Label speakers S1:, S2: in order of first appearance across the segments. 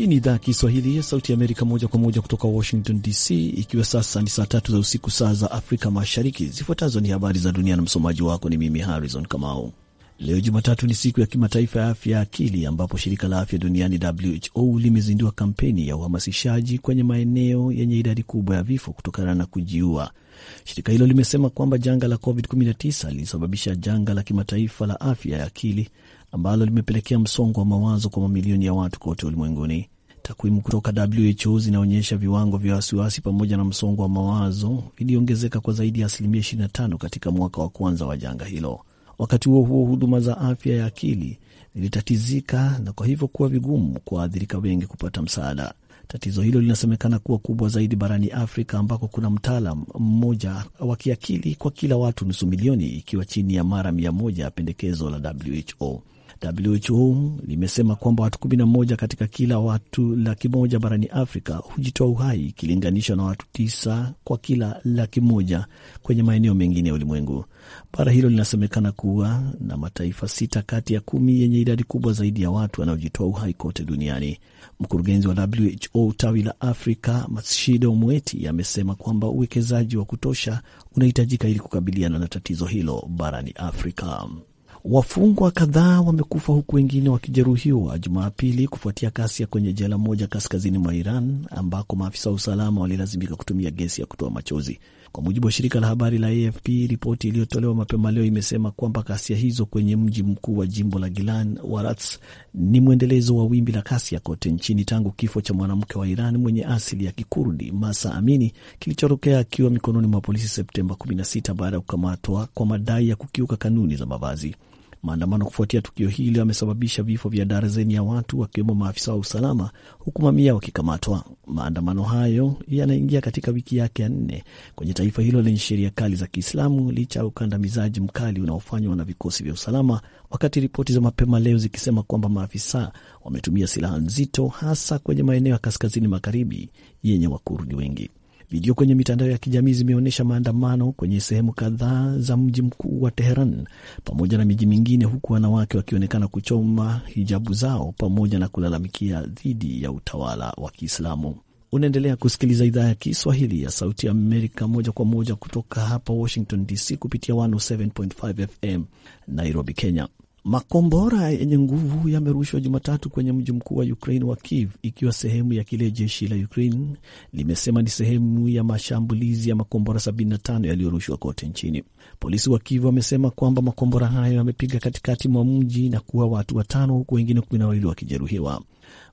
S1: Hii ni idhaa ya Kiswahili ya Sauti ya Amerika, moja kwa moja kutoka Washington DC, ikiwa sasa ni saa tatu za usiku, saa za Afrika Mashariki. Zifuatazo ni habari za dunia na msomaji wako ni mimi Harrison Kamau. Leo Jumatatu ni siku ya kimataifa ya afya ya akili, ambapo shirika la afya duniani WHO limezindua kampeni ya uhamasishaji kwenye maeneo yenye idadi kubwa ya vifo kutokana na kujiua. Shirika hilo limesema kwamba janga la COVID-19 lilisababisha janga la kimataifa la afya ya akili ambalo limepelekea msongo wa mawazo kwa mamilioni ya watu kote ulimwenguni. Takwimu kutoka WHO zinaonyesha viwango vya wasiwasi pamoja na msongo wa mawazo viliongezeka kwa zaidi ya asilimia 25 katika mwaka wa kwanza wa janga hilo. Wakati huo huo, huduma za afya ya akili zilitatizika na kwa hivyo kuwa vigumu kwa waathirika wengi kupata msaada. Tatizo hilo linasemekana kuwa kubwa zaidi barani Afrika ambako kuna mtaalam mmoja wa kiakili kwa kila watu nusu milioni, ikiwa chini ya mara mia moja ya pendekezo la WHO. WHO limesema kwamba watu 11 katika kila watu laki moja barani Afrika hujitoa uhai ikilinganishwa na watu tisa kwa kila laki moja kwenye maeneo mengine ya ulimwengu. Bara hilo linasemekana kuwa na mataifa sita kati ya kumi yenye idadi kubwa zaidi ya watu wanaojitoa uhai kote duniani. Mkurugenzi wa WHO tawi la Afrika, Matshidiso Moeti, amesema kwamba uwekezaji wa kutosha unahitajika ili kukabiliana na tatizo hilo barani Afrika. Wafungwa kadhaa wamekufa huku wengine wakijeruhiwa Jumapili kufuatia kasia kwenye jela moja kaskazini mwa Iran ambako maafisa wa usalama walilazimika kutumia gesi ya kutoa machozi. Kwa mujibu wa shirika la habari la AFP, ripoti iliyotolewa mapema leo imesema kwamba kasia hizo kwenye mji mkuu wa jimbo la Gilan Warats ni mwendelezo wa wimbi la kasia kote nchini tangu kifo cha mwanamke wa Iran mwenye asili ya Kikurdi Masa Amini kilichotokea akiwa mikononi mwa polisi Septemba 16 baada ya kukamatwa kwa madai ya kukiuka kanuni za mavazi. Maandamano kufuatia tukio hili yamesababisha vifo vya darzeni ya watu wakiwemo maafisa wa usalama, huku mamia wakikamatwa. Maandamano hayo yanaingia katika wiki yake ya nne kwenye taifa hilo lenye sheria kali za Kiislamu, licha ya ukandamizaji mkali unaofanywa na vikosi vya usalama, wakati ripoti za mapema leo zikisema kwamba maafisa wametumia silaha nzito, hasa kwenye maeneo ya kaskazini magharibi yenye Wakurdi wengi. Video kwenye mitandao ya kijamii zimeonyesha maandamano kwenye sehemu kadhaa za mji mkuu wa Teheran pamoja na miji mingine, huku wanawake wakionekana kuchoma hijabu zao pamoja na kulalamikia dhidi ya utawala wa Kiislamu. Unaendelea kusikiliza idhaa ya Kiswahili ya Sauti ya Amerika moja kwa moja kutoka hapa Washington DC, kupitia 107.5 FM Nairobi, Kenya. Makombora yenye nguvu yamerushwa Jumatatu kwenye mji mkuu wa Ukraine wa Kiev, ikiwa sehemu ya kile jeshi la Ukraine limesema ni sehemu ya mashambulizi ya makombora 75 yaliyorushwa kote nchini. Polisi wa Kivu wamesema kwamba makombora hayo yamepiga katikati mwa mji na kuua watu watano huku wengine kumi na wawili wakijeruhiwa.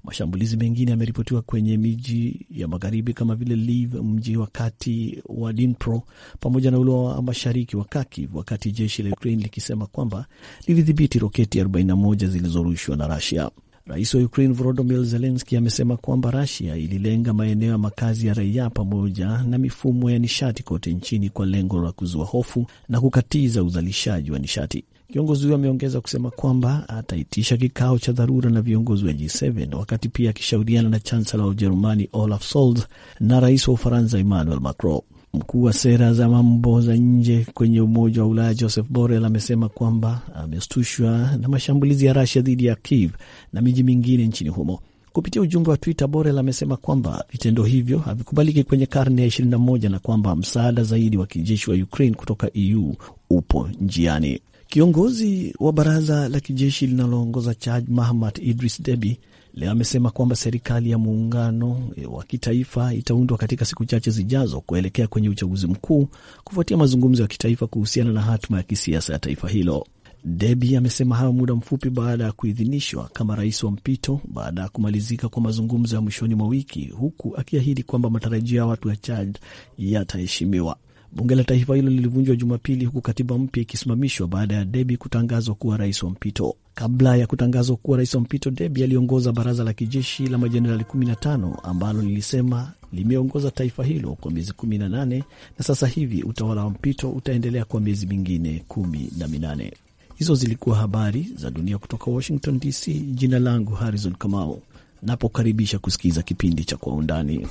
S1: Mashambulizi mengine yameripotiwa kwenye miji ya magharibi kama vile Lviv, mji wa kati wa Dnipro, pamoja na ule wa mashariki wa Kharkiv, wakati jeshi la Ukraine likisema kwamba lilidhibiti roketi 41 zilizorushwa na Russia. Rais wa Ukraine Volodymyr zelenski amesema kwamba Rusia ililenga maeneo ya makazi ya raia pamoja na mifumo ya nishati kote nchini kwa lengo la kuzua hofu na kukatiza uzalishaji wa nishati. Kiongozi huyo ameongeza kusema kwamba ataitisha kikao cha dharura na viongozi wa G7 wakati pia akishauriana na chansela wa Ujerumani Olaf Scholz na rais wa Ufaransa Emmanuel Macron. Mkuu wa sera za mambo za nje kwenye Umoja wa Ulaya Joseph Borrell amesema kwamba ameshtushwa na mashambulizi ya Rusia dhidi ya Kiev na miji mingine nchini humo. Kupitia ujumbe wa Twitter, Borrell amesema kwamba vitendo hivyo havikubaliki kwenye karne ya 21 na kwamba msaada zaidi wa kijeshi wa Ukraine kutoka EU upo njiani. Kiongozi wa baraza la kijeshi linaloongoza Chad, Mahamat Idris Deby, leo amesema kwamba serikali ya muungano wa kitaifa itaundwa katika siku chache zijazo kuelekea kwenye uchaguzi mkuu kufuatia mazungumzo ya kitaifa kuhusiana na hatima ya kisiasa ya taifa hilo. Debi amesema hayo muda mfupi baada ya kuidhinishwa kama rais wa mpito baada ya kumalizika kwa mazungumzo ya mwishoni mwa wiki, huku akiahidi kwamba matarajio ya watu wa Chad yataheshimiwa. Bunge la taifa hilo lilivunjwa Jumapili, huku katiba mpya ikisimamishwa baada ya Debi kutangazwa kuwa rais wa mpito. Kabla ya kutangazwa kuwa rais wa mpito, Debi aliongoza baraza la kijeshi la majenerali 15 ambalo lilisema limeongoza taifa hilo kwa miezi 18 na sasa hivi utawala wa mpito utaendelea kwa miezi mingine 18. Hizo zilikuwa habari za dunia kutoka Washington DC. Jina langu Harrison Kamau, napokaribisha kusikiza kipindi cha Kwa Undani.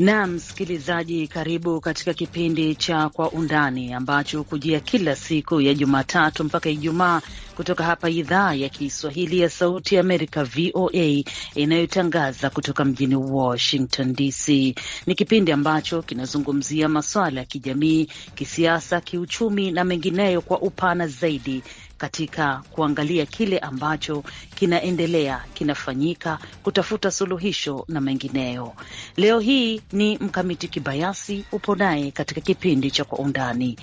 S2: Naam, msikilizaji, karibu katika kipindi cha Kwa Undani ambacho hukujia kila siku ya Jumatatu mpaka Ijumaa kutoka hapa idhaa ya Kiswahili ya Sauti ya Amerika, VOA, inayotangaza kutoka mjini Washington DC. Ni kipindi ambacho kinazungumzia masuala ya kijamii, kisiasa, kiuchumi na mengineyo kwa upana zaidi katika kuangalia kile ambacho kinaendelea, kinafanyika, kutafuta suluhisho na mengineyo. Leo hii ni Mkamiti Kibayasi upo naye katika kipindi cha Kwa Undani.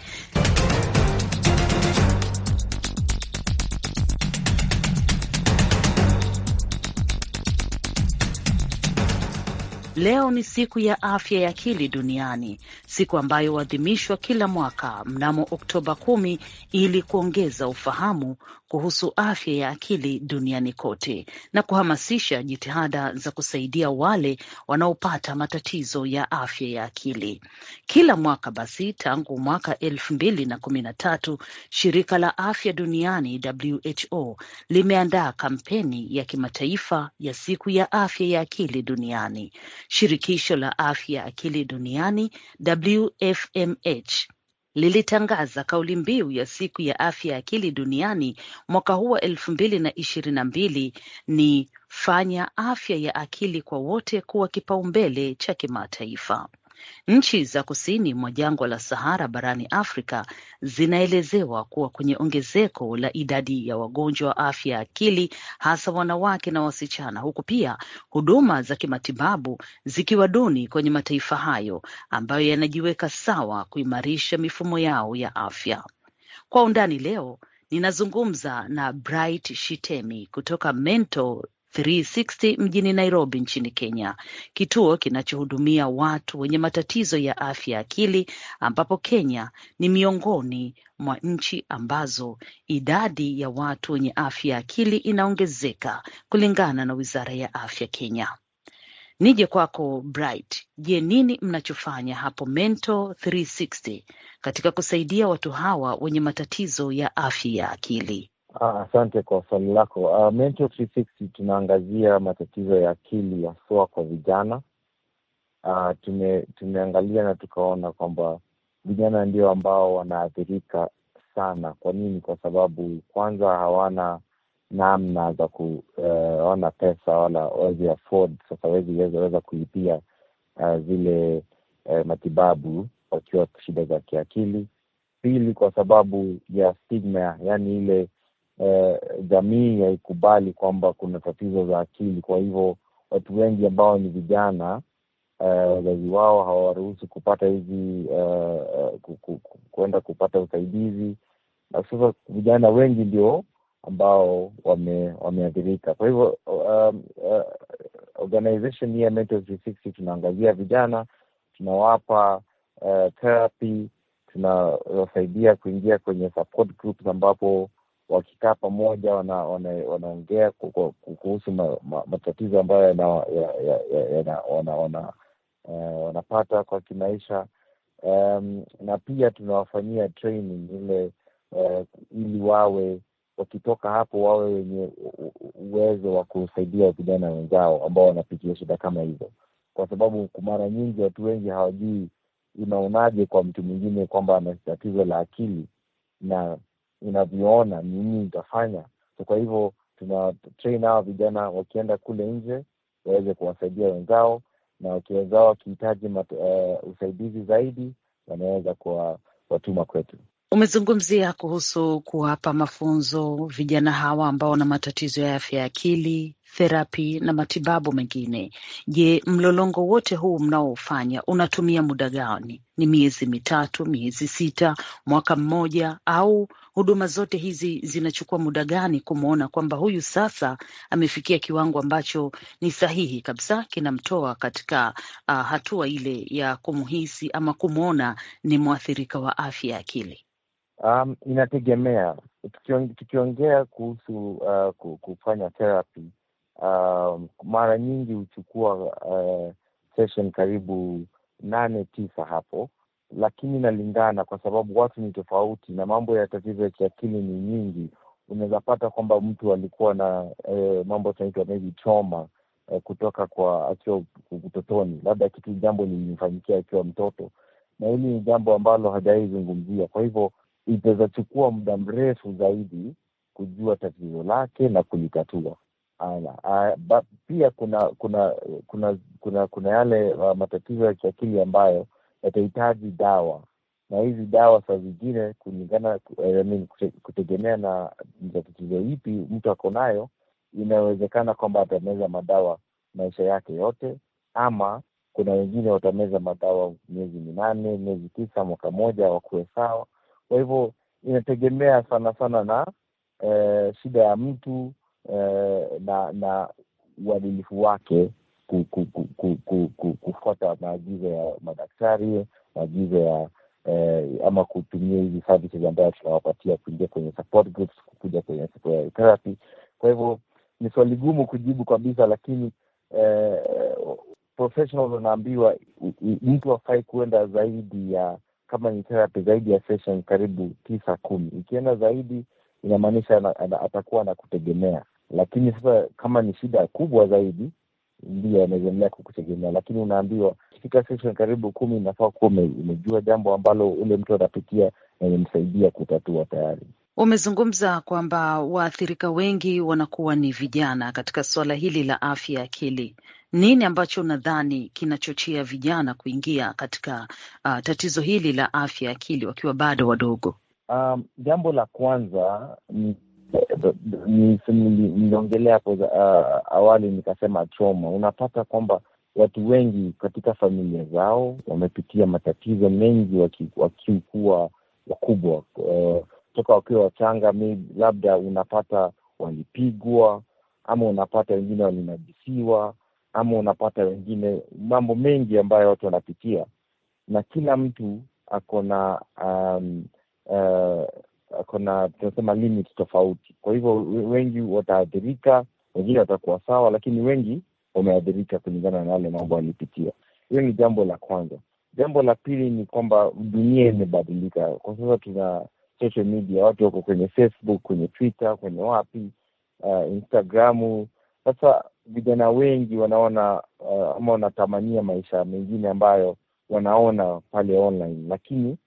S2: Leo ni siku ya afya ya akili duniani, siku ambayo huadhimishwa kila mwaka mnamo Oktoba kumi ili kuongeza ufahamu kuhusu afya ya akili duniani kote na kuhamasisha jitihada za kusaidia wale wanaopata matatizo ya afya ya akili. Kila mwaka basi, tangu mwaka elfu mbili na kumi na tatu shirika la afya duniani WHO limeandaa kampeni ya kimataifa ya siku ya afya ya akili duniani. Shirikisho la Afya ya Akili Duniani WFMH lilitangaza kauli mbiu ya siku ya afya ya akili duniani mwaka huu wa elfu mbili na ishirini na mbili ni fanya afya ya akili kwa wote kuwa kipaumbele cha kimataifa. Nchi za kusini mwa jangwa la Sahara barani Afrika zinaelezewa kuwa kwenye ongezeko la idadi ya wagonjwa wa afya ya akili, hasa wanawake na wasichana, huku pia huduma za kimatibabu zikiwa duni kwenye mataifa hayo ambayo yanajiweka sawa kuimarisha mifumo yao ya afya. Kwa undani leo ninazungumza na Bright Shitemi kutoka Mental 360 mjini Nairobi nchini Kenya, kituo kinachohudumia watu wenye matatizo ya afya ya akili, ambapo Kenya ni miongoni mwa nchi ambazo idadi ya watu wenye afya ya akili inaongezeka kulingana na Wizara ya Afya Kenya. Nije kwako Bright, je, nini mnachofanya hapo mento 360 katika kusaidia watu hawa wenye matatizo ya afya ya akili?
S3: Ah, asante kwa swali lako. Uh, Mentor 360 tunaangazia matatizo ya akili haswa kwa vijana. Uh, tume, tumeangalia na tukaona kwamba vijana ndio ambao wanaathirika sana. Kwa nini? Kwa sababu kwanza hawana namna za kuona eh, uh, pesa wala wezi afford, sasa waweza kulipia uh, zile uh, matibabu wakiwa shida za kiakili. Pili, kwa sababu ya stigma, yaani ile eh, jamii haikubali kwamba kuna tatizo za akili. Kwa hivyo watu wengi ambao ni vijana eh, wazazi wao hawaruhusu kupata hizi eh, eh kuenda kupata usaidizi, na sasa vijana wengi ndio ambao wame, wameathirika. Kwa hivyo um, uh, organization ya Mental 360 tunaangazia vijana, tunawapa uh, therapy, tunawasaidia kuingia kwenye support groups ambapo wakikaa pamoja wanaongea wana, kuhusu ma, ma, matatizo ambayo wanapata wana, wana eh, kwa kimaisha um, na pia tunawafanyia training ile uh, ili wawe wakitoka hapo wawe wenye uwezo wa kusaidia vijana wenzao ambao wanapitia shida kama hizo, kwa sababu mara nyingi watu wengi hawajui unaonaje kwa mtu mwingine kwamba ana tatizo la akili na inavyoona ni nini itafanya. So kwa hivyo tuna train hawa vijana wakienda kule nje waweze kuwasaidia wenzao, na wakiwenzao wakihitaji uh, usaidizi zaidi wanaweza kuwatuma kwetu.
S2: Umezungumzia kuhusu kuwapa mafunzo vijana hawa ambao wana matatizo ya afya ya akili, therapi na matibabu mengine. Je, mlolongo wote huu mnaofanya unatumia muda gani? Ni miezi mitatu, miezi sita, mwaka mmoja, au huduma zote hizi zinachukua muda gani kumwona kwamba huyu sasa amefikia kiwango ambacho ni sahihi kabisa kinamtoa katika uh, hatua ile ya kumhisi ama kumwona ni mwathirika wa afya ya akili?
S3: Um, inategemea. Tukiongea kuhusu uh, kufanya therapy uh, mara nyingi huchukua uh, session karibu nane tisa hapo lakini inalingana kwa sababu watu ni tofauti na mambo ya tatizo ya kiakili ni nyingi. Unaweza pata kwamba mtu alikuwa na eh, mambo tunaitwa maybe choma eh, kutoka kwa akiwa utotoni, labda kitu jambo lilimfanyikia akiwa mtoto, na hili ni jambo ambalo hajawai zungumzia. Kwa hivyo itawezachukua muda mrefu zaidi kujua tatizo lake na kulitatua. Pia kuna kuna kuna kuna, kuna yale uh, matatizo ya kiakili ambayo watahitaji dawa na hizi dawa saa zingine kulingana I mean, kutegemea na za tatizo ipi mtu ako nayo, inawezekana kwamba atameza madawa maisha yake yote, ama kuna wengine watameza madawa miezi minane, miezi tisa, mwaka moja wakuwe sawa. Kwa hivyo inategemea sana sana na eh, shida ya mtu eh, na na uadilifu wake kufuata maagizo ya madaktari, maagizo ya eh, ama kutumia hizi services ambayo tunawapatia, kuingia kwenye support groups, kukuja kwenye therapy. Kwa hivyo ni swali gumu kujibu kabisa, lakini eh, professionals wanaambiwa mtu afai kuenda zaidi ya kama ni therapy, zaidi ya session karibu tisa kumi. Ikienda zaidi inamaanisha atakuwa kutegemea lakini sasa kama ni shida kubwa zaidi ndio anaendelea kukutegemea, lakini unaambiwa ikifika section karibu kumi inafaa kuwa umejua jambo ambalo ule mtu anapitia na imemsaidia kutatua tayari.
S2: Umezungumza kwamba waathirika wengi wanakuwa ni vijana katika suala hili la afya ya akili. Nini ambacho nadhani kinachochea vijana kuingia katika uh, tatizo hili la afya ya akili wakiwa bado wadogo? Um, jambo la
S3: kwanza ni niliongelea hapo uh, awali nikasema choma Unapata kwamba watu wengi katika familia zao wamepitia matatizo mengi wakiukua wakubwa, uh, toka wakiwa wachanga, labda unapata walipigwa, ama unapata wengine walinajisiwa, ama unapata wengine, mambo mengi ambayo watu wanapitia, na kila mtu ako na um, uh, kuna tunasema limit tofauti. Kwa hivyo wengi wataathirika, wengine watakuwa sawa, lakini wengi wameathirika kulingana na yale mambo walipitia. Hiyo ni jambo la kwanza. Jambo la pili ni kwamba dunia imebadilika kwa sasa, tuna social media, watu wako kwenye Facebook, kwenye Twitter, kwenye wapi, uh, eh, Instagramu. Sasa vijana wengi wanaona uh, ama wanatamania maisha mengine ambayo wanaona pale online, lakini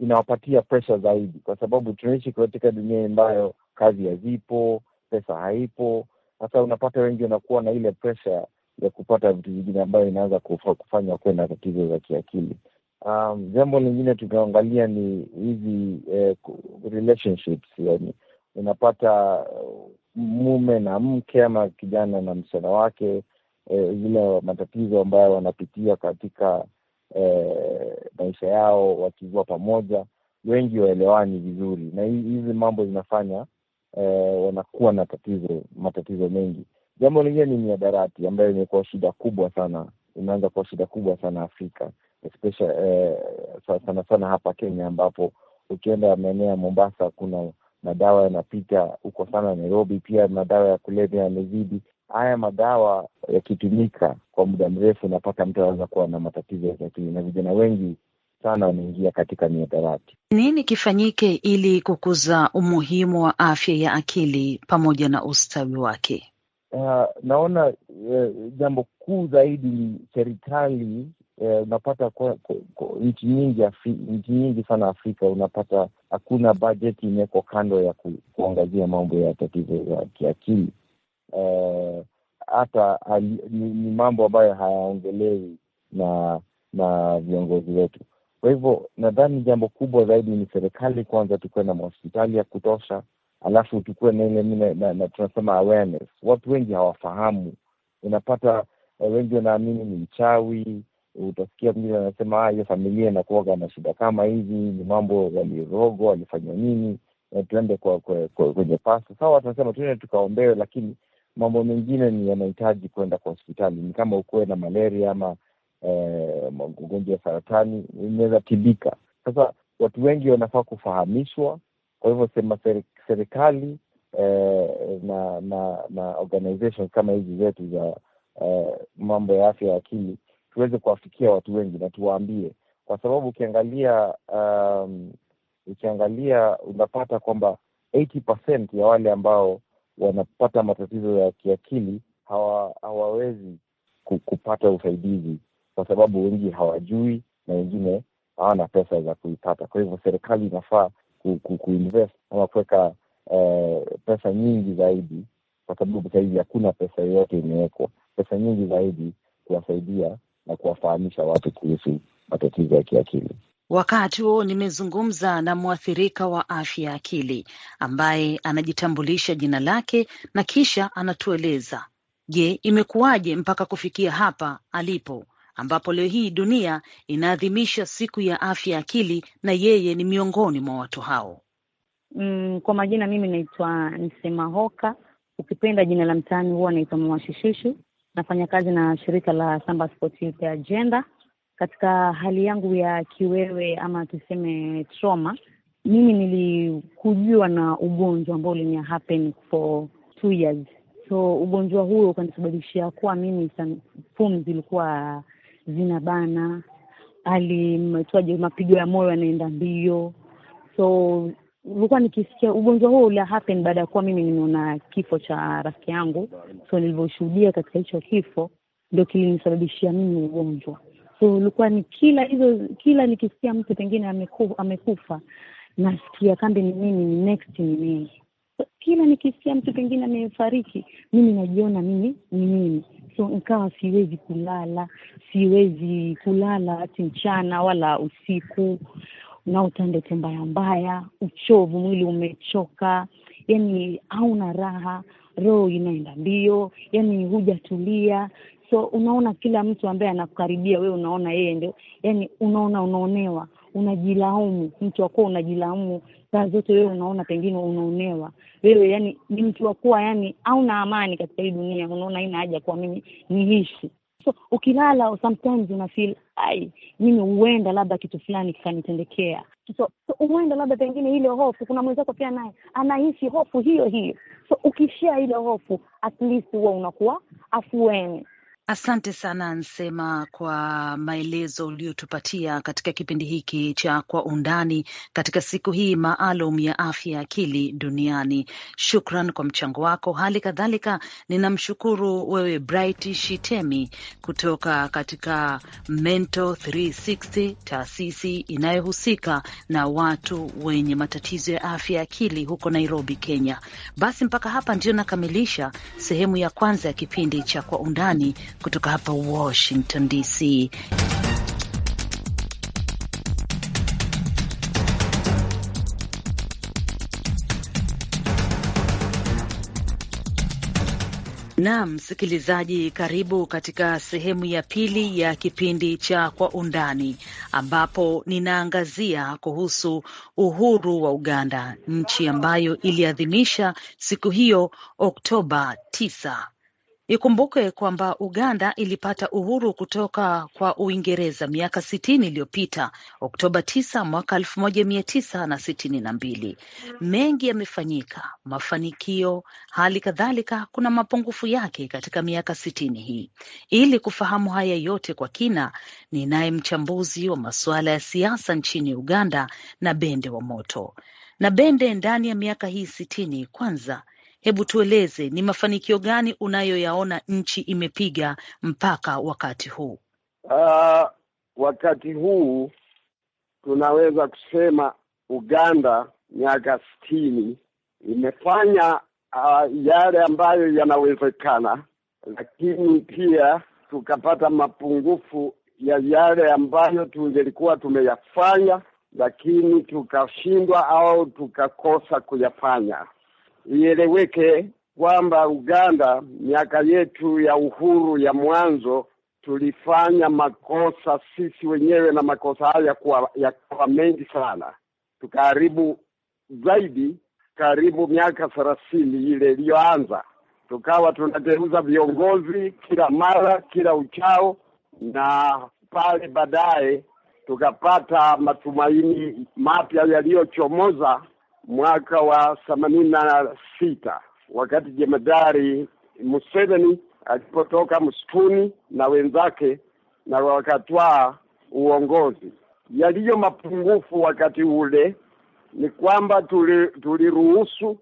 S3: inawapatia presha zaidi, kwa sababu tunaishi katika dunia ambayo kazi hazipo, pesa haipo. Sasa unapata wengi wanakuwa na ile presha ya kupata vitu vingine ambayo inaweza kufanya kuwe na tatizo za kiakili. Um, jambo lingine tukiangalia ni hizi eh, relationships yani, unapata uh, mume na mke ama kijana na msichana wake eh, zile matatizo ambayo wanapitia katika Eh, maisha eh, yao wakivua pamoja, wengi waelewani vizuri, na hizi mambo zinafanya eh, wanakuwa na tatizo matatizo mengi. Jambo lingine ni miadarati ambayo imekuwa shida kubwa sana, imeanza kuwa shida kubwa sana Afrika especially eh, sana sana hapa Kenya, ambapo ukienda maeneo ya Mombasa kuna madawa yanapita huko sana. Nairobi pia madawa ya kulevya yamezidi haya madawa yakitumika kwa muda mrefu, unapata mtu anaweza kuwa na matatizo ya kiakili, na vijana wengi sana wanaingia katika mihadarati.
S2: Nini kifanyike ili kukuza umuhimu wa afya ya akili pamoja na ustawi wake?
S3: Uh, naona uh, jambo kuu zaidi ni serikali uh, unapata nchi nyingi nchi nyingi sana Afrika unapata hakuna bajeti imewekwa kando ya ku, kuangazia mambo ya tatizo ya kiakili Eh, hata uh, ni, ni mambo ambayo hayaongelewi na na viongozi wetu. Kwa hivyo nadhani jambo kubwa zaidi ni serikali kwanza, tukuwe na mahospitali ya kutosha, alafu tukuwe na ile na, na tunasema awareness. Watu wengi hawafahamu, unapata eh, wengi wanaamini ni mchawi. Utasikia mgine anasema ah, hiyo familia inakuaga na shida kama hivi ni mambo yalirogo, walifanya nini, eh, tuende kwenye pasta. Sawa, tunasema tuende tukaombewe, lakini mambo mengine ni yanahitaji kwenda kwa hospitali, ni kama ukuwe na malaria ama ugonjwa eh, wa saratani inaweza tibika. Sasa watu wengi wanafaa kufahamishwa. Kwa hivyo sema serikali eh, na na na organizations kama hizi zetu za eh, mambo ya afya ya akili tuweze kuwafikia watu wengi na tuwaambie, kwa sababu ukiangalia um, ukiangalia unapata kwamba 80% ya wale ambao wanapata matatizo ya kiakili hawa, hawawezi kupata usaidizi kwa sababu wengi hawajui na wengine hawana pesa za kuipata. Kwa hivyo serikali inafaa kuinvest ku, ku ama kuweka eh, pesa nyingi zaidi, kwa sababu sahizi hakuna pesa yoyote imewekwa, pesa nyingi zaidi kuwasaidia na kuwafahamisha watu kuhusu matatizo ya kiakili.
S2: Wakati huo nimezungumza na mwathirika wa afya ya akili ambaye anajitambulisha jina lake na kisha anatueleza, je, imekuwaje mpaka kufikia hapa alipo ambapo leo hii dunia inaadhimisha siku ya afya ya akili na yeye ni miongoni mwa watu hao. Mm, kwa
S4: majina mimi naitwa Nsema Hoka, ukipenda jina la mtaani huwa naitwa Mama Nafanya kazi na shirika la Samba Sports Youth Agenda katika hali yangu ya kiwewe ama tuseme trauma, mimi nilikujiwa na ugonjwa ambao ulinia happen for two years. So ugonjwa huo ukanisababishia kuwa mimi pumzi zilikuwa zinabana, hali twaje, mapigo ya moyo yanaenda mbio, so nilikuwa nikisikia ugonjwa huo ulia happen baada ya kuwa mimi nimeona kifo cha rafiki yangu. So nilivyoshuhudia katika hicho kifo ndio kilinisababishia mimi ugonjwa so ulikuwa ni kila hizo kila nikisikia mtu pengine amekufa nasikia kambe ni mimi ni next ni mimi so, kila nikisikia mtu pengine amefariki mimi najiona mimi ni mimi so nikawa siwezi kulala siwezi kulala hati mchana wala usiku na ndoto mbaya mbaya uchovu mwili umechoka yani hauna raha roho inaenda mbio yani hujatulia so unaona kila mtu ambaye anakukaribia wewe unaona yeye ndio yani unaona unaonewa unajilaumu mtu wakuwa unajilaumu saa zote wewe unaona pengine unaonewa wewe yani ni mtu wakuwa yani auna amani katika hii dunia unaona ina haja kuwa mimi niishi so ukilala sometimes una feel ai mimi huenda labda kitu fulani kikanitendekea so, so labda pengine ile hofu kuna mwenzako pia naye anaishi hofu hiyo hiyo so ukishia ile hofu at least huwa unakuwa
S2: afueni Asante sana Nsema kwa maelezo uliotupatia katika kipindi hiki cha Kwa Undani katika siku hii maalum ya afya ya akili duniani. Shukran kwa mchango wako. Hali kadhalika ninamshukuru wewe Bright Shitemi kutoka katika mento 360, taasisi inayohusika na watu wenye matatizo ya afya ya akili huko Nairobi, Kenya. Basi mpaka hapa ndio nakamilisha sehemu ya kwanza ya kipindi cha Kwa Undani kutoka hapa Washington DC. Naam, msikilizaji, karibu katika sehemu ya pili ya kipindi cha Kwa Undani, ambapo ninaangazia kuhusu uhuru wa Uganda, nchi ambayo iliadhimisha siku hiyo Oktoba 9 Ikumbuke kwamba Uganda ilipata uhuru kutoka kwa Uingereza miaka sitini iliyopita Oktoba 9 mwaka elfu moja mia na na sitini mbili Mengi yamefanyika, mafanikio, hali kadhalika kuna mapungufu yake katika miaka sitini hii. Ili kufahamu haya yote kwa kina, ninaye mchambuzi wa masuala ya siasa nchini Uganda na Bende wa Moto. Na Bende, ndani ya miaka hii sitini, kwanza Hebu tueleze ni mafanikio gani unayoyaona nchi imepiga mpaka wakati huu?
S5: Uh, wakati huu tunaweza kusema Uganda miaka sitini imefanya uh, yale ambayo yanawezekana, lakini pia tukapata mapungufu ya yale ambayo tungelikuwa tumeyafanya, lakini tukashindwa au tukakosa kuyafanya ieleweke kwamba Uganda, miaka yetu ya uhuru ya mwanzo tulifanya makosa sisi wenyewe, na makosa haya yakawa mengi sana, tukaharibu zaidi karibu miaka thelathini ile iliyoanza, tukawa tunateuza viongozi kila mara kila uchao, na pale baadaye tukapata matumaini mapya yaliyochomoza mwaka wa themanini na sita wakati jemadari Museveni alipotoka msituni na wenzake na wakatwaa uongozi. Yaliyo mapungufu wakati ule ni kwamba tuliruhusu tuli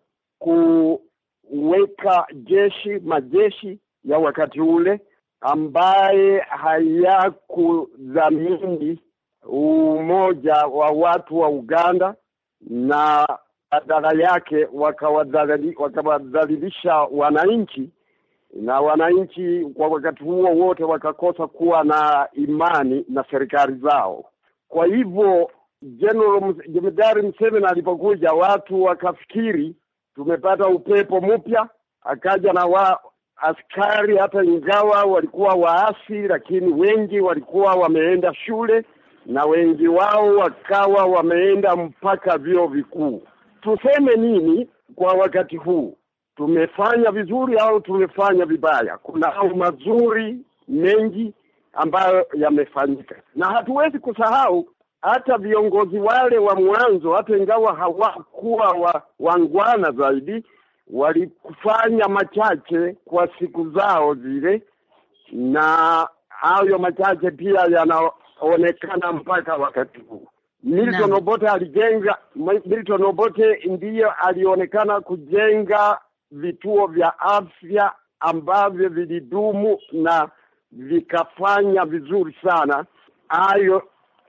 S5: kuweka jeshi majeshi ya wakati ule ambaye hayakudhamini umoja wa watu wa Uganda na badala yake wakawadhalilisha wananchi na wananchi kwa wakati huo wote wakakosa kuwa na imani na serikali zao. Kwa hivyo Jemedari mseveni alipokuja, watu wakafikiri tumepata upepo mpya. Akaja na wa askari, hata ingawa walikuwa waasi, lakini wengi walikuwa wameenda shule na wengi wao wakawa wameenda mpaka vyo vikuu tuseme nini kwa wakati huu? Tumefanya vizuri au tumefanya vibaya? Kuna au mazuri mengi ambayo yamefanyika, na hatuwezi kusahau hata viongozi wale wa mwanzo, hata ingawa hawakuwa wa, wangwana zaidi, walikufanya machache kwa siku zao zile, na hayo machache pia yanaonekana mpaka wakati huu. Milton Obote alijenga, Milton Obote ndiye alionekana kujenga vituo vya afya ambavyo vilidumu na vikafanya vizuri sana. Hayo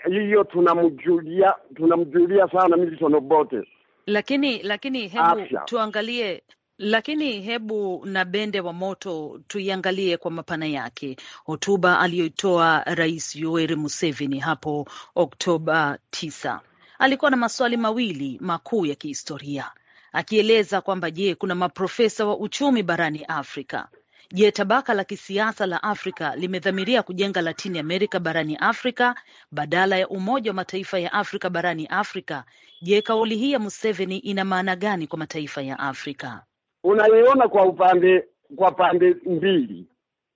S5: hiyo tunamjulia tunamjulia sana Milton Obote,
S2: lakini lakini hebu afya. Tuangalie lakini hebu na Bende wa Moto tuiangalie kwa mapana yake, hotuba aliyoitoa Rais Yoweri Museveni hapo Oktoba 9 alikuwa na maswali mawili makuu ya kihistoria, akieleza kwamba je, kuna maprofesa wa uchumi barani Afrika? Je, tabaka la kisiasa la Afrika limedhamiria kujenga Latini Amerika barani Afrika badala ya Umoja wa Mataifa ya Afrika barani Afrika? Je, kauli hii ya Museveni ina maana gani kwa mataifa ya Afrika?
S5: unaiona kwa upande kwa pande mbili.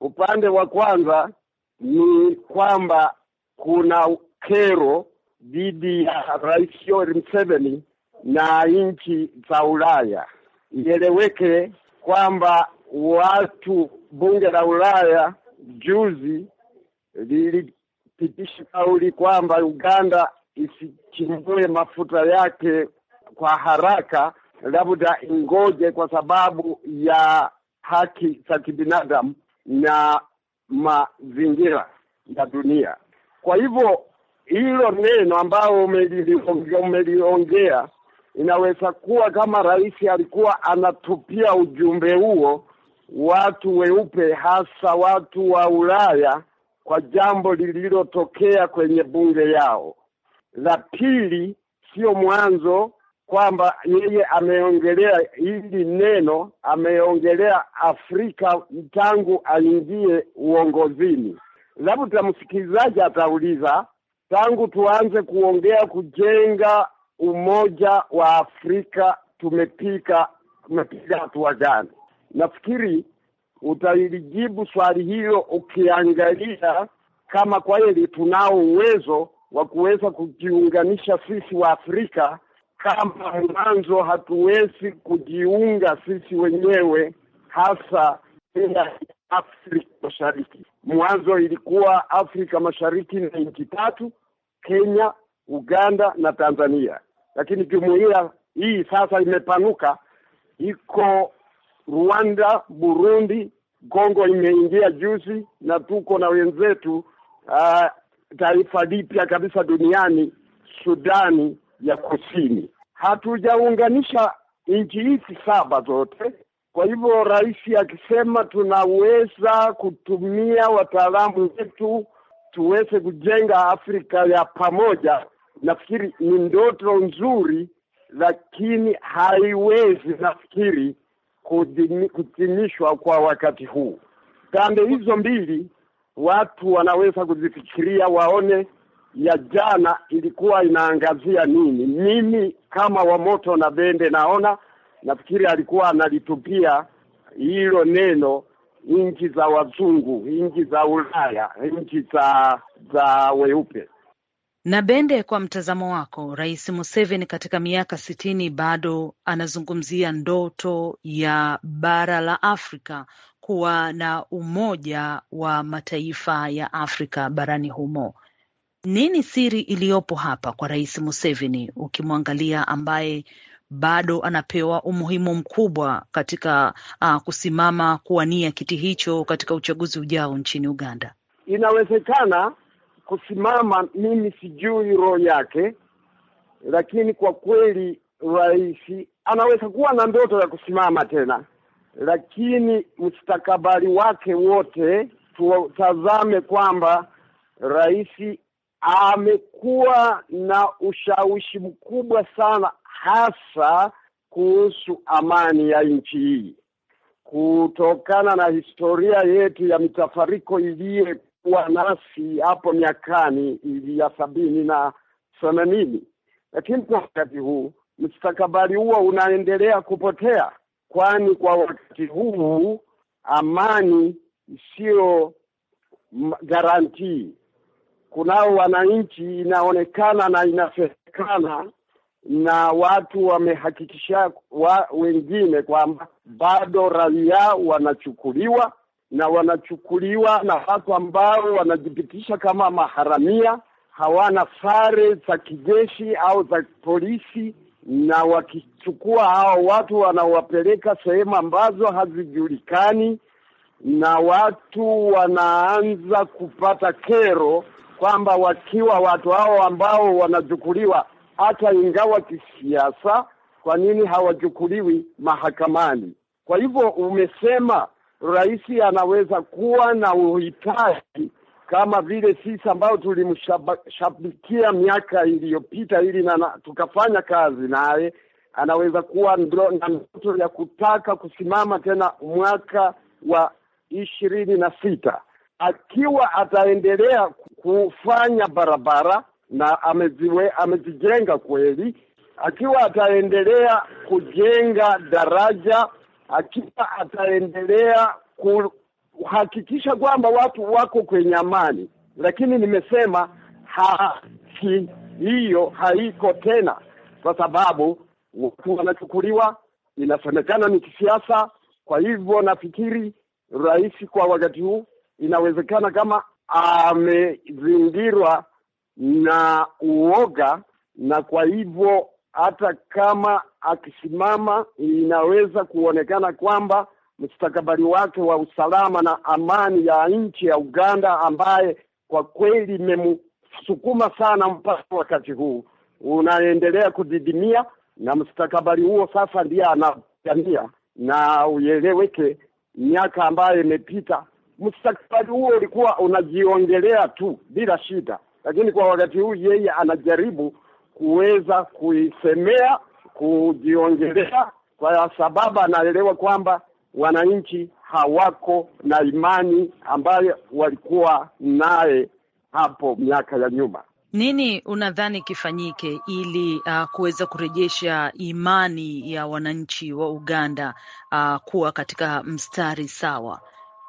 S5: Upande wa kwanza ni kwamba kuna kero dhidi ya Rais Yoweri Museveni na nchi za Ulaya. Ieleweke kwamba watu, bunge la Ulaya juzi lilipitisha kauli kwamba Uganda isichimbue mafuta yake kwa haraka labda ingoje kwa sababu ya haki za kibinadamu na mazingira ya dunia. Kwa hivyo hilo neno ambayo umeliongea inaweza kuwa kama rais alikuwa anatupia ujumbe huo watu weupe, hasa watu wa Ulaya kwa jambo lililotokea kwenye bunge yao. La pili sio mwanzo kwamba yeye ameongelea hili neno, ameongelea Afrika tangu aingie uongozini. Labda msikilizaji atauliza, tangu tuanze kuongea kujenga umoja wa Afrika tumepika tumepiga hatua gani? Nafikiri utalijibu swali hilo ukiangalia kama kweli tunao uwezo wa kuweza kujiunganisha sisi wa Afrika kama mwanzo hatuwezi kujiunga sisi wenyewe, hasa ya Afrika Mashariki. Mwanzo ilikuwa Afrika Mashariki na nchi tatu, Kenya, Uganda na Tanzania, lakini jumuiya hii sasa imepanuka, iko Rwanda, Burundi, Kongo imeingia juzi, na tuko na wenzetu uh, taifa lipya kabisa duniani Sudani ya kusini. Hatujaunganisha nchi hizi saba zote. Kwa hivyo rais akisema tunaweza kutumia wataalamu wetu tuweze kujenga Afrika ya pamoja, nafikiri ni ndoto nzuri, lakini haiwezi nafikiri kutimishwa kwa wakati huu. Pande hizo mbili watu wanaweza kuzifikiria waone ya jana ilikuwa inaangazia nini? Mimi kama wa moto na bende naona, nafikiri alikuwa analitupia hilo neno nchi za wazungu, nchi za Ulaya, nchi za za weupe.
S2: Na Bende, kwa mtazamo wako, Rais Museveni katika miaka sitini bado anazungumzia ndoto ya bara la Afrika kuwa na umoja wa mataifa ya Afrika barani humo. Nini siri iliyopo hapa kwa Rais Museveni, ukimwangalia ambaye bado anapewa umuhimu mkubwa katika uh, kusimama kuwania kiti hicho katika uchaguzi ujao nchini Uganda?
S5: Inawezekana kusimama, mimi sijui roho yake, lakini kwa kweli rais anaweza kuwa na ndoto ya kusimama tena, lakini mstakabali wake wote tutazame kwamba rais amekuwa na ushawishi mkubwa sana hasa kuhusu amani ya nchi hii kutokana na historia yetu ya mitafariko iliyokuwa nasi hapo miakani ili ya sabini na themanini. Lakini kwa wakati huu mstakabali huo unaendelea kupotea, kwani kwa wakati huu amani isiyo garantii kunao wananchi, inaonekana na inasemekana na watu wamehakikisha wa wengine kwamba bado raia wanachukuliwa na wanachukuliwa na watu ambao wanajipitisha kama maharamia, hawana sare za kijeshi au za polisi, na wakichukua hao watu wanawapeleka sehemu ambazo hazijulikani, na watu wanaanza kupata kero kwamba wakiwa watu hao ambao wanachukuliwa hata ingawa kisiasa, kwa nini hawachukuliwi mahakamani? Kwa hivyo umesema rais anaweza kuwa na uhitaji kama vile sisi ambao tulimshabikia miaka iliyopita ili na tukafanya kazi naye, anaweza kuwa na ndoto ya kutaka kusimama tena mwaka wa ishirini na sita akiwa ataendelea kufanya barabara na ameziwe, amezijenga kweli, akiwa ataendelea kujenga daraja, akiwa ataendelea kuhakikisha kwamba watu wako kwenye amani, lakini nimesema haki hiyo haiko tena, kwa sababu watu wanachukuliwa, inasemekana ni kisiasa. Kwa hivyo nafikiri rais kwa wakati huu inawezekana kama amezingirwa na uoga, na kwa hivyo hata kama akisimama, inaweza kuonekana kwamba mustakabali wake wa usalama na amani ya nchi ya Uganda, ambaye kwa kweli imemsukuma sana mpaka wakati huu unaendelea kudidimia, na mstakabali huo sasa ndiye anapigania, na uyeleweke miaka ambayo imepita mstakabali huo ulikuwa unajiongelea tu bila shida, lakini kwa wakati huu yeye anajaribu kuweza kuisemea, kujiongelea, kwa sababu anaelewa kwamba wananchi hawako na imani ambayo walikuwa naye hapo miaka ya nyuma.
S2: Nini unadhani kifanyike ili uh, kuweza kurejesha imani ya wananchi wa Uganda uh, kuwa katika mstari sawa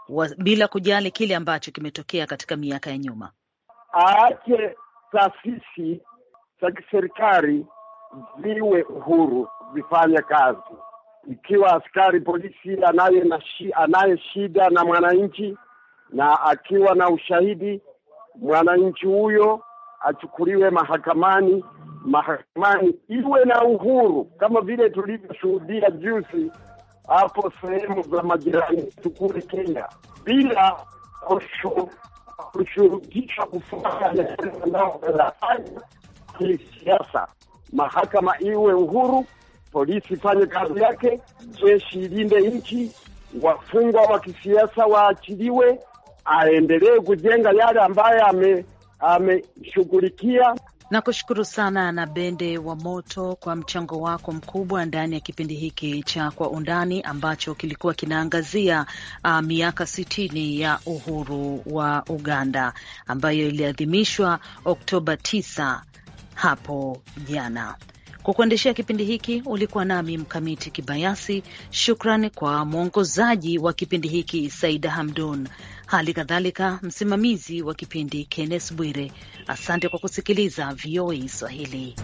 S2: wa, bila kujali kile ambacho kimetokea katika miaka ya nyuma.
S5: Aache taasisi za kiserikali ziwe uhuru, zifanye kazi. Ikiwa askari polisi anaye na shi, anaye shida na mwananchi na akiwa na ushahidi, mwananchi huyo achukuliwe mahakamani. Mahakamani iwe na uhuru kama vile tulivyoshuhudia juzi hapo sehemu za majirani yetu kule Kenya bila kushurutishwa kufuata yale kisiasa. Mahakama iwe uhuru, polisi ifanye kazi yake, jeshi ilinde nchi, wafungwa wa kisiasa waachiliwe, aendelee kujenga yale ambayo ameshughulikia ame
S2: Nakushukuru sana na Bende wa Moto kwa mchango wako mkubwa ndani ya kipindi hiki cha Kwa Undani ambacho kilikuwa kinaangazia uh, miaka sitini ya uhuru wa Uganda ambayo iliadhimishwa Oktoba 9 hapo jana. Kwa kuendeshea kipindi hiki ulikuwa nami Mkamiti Kibayasi. shukran kwa mwongozaji wa kipindi hiki Saida Hamdun hali kadhalika msimamizi wa kipindi Kennes Bwire. Asante kwa kusikiliza VOA Swahili.